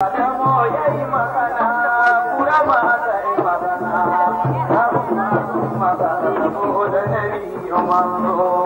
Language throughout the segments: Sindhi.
Thank you.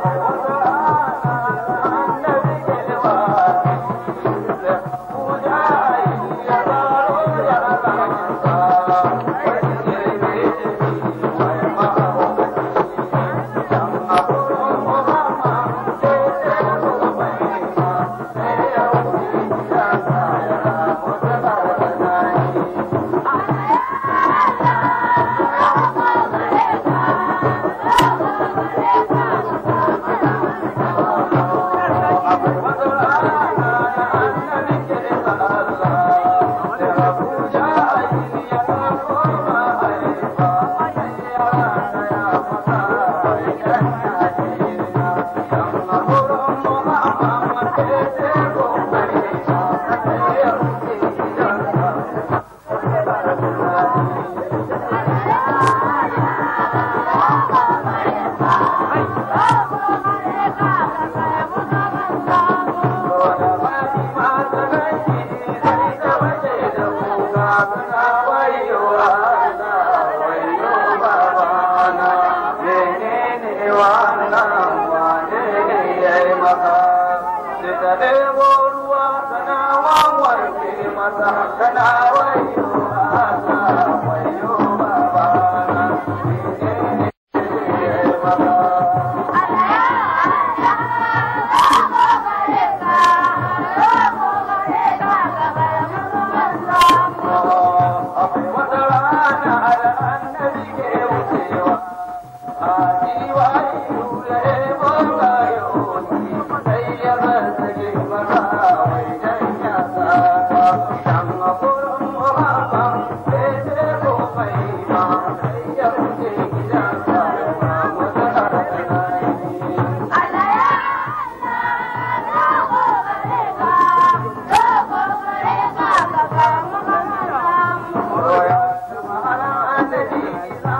Thank you. वजे रा वैयो भवान जय नेवाय Thank you.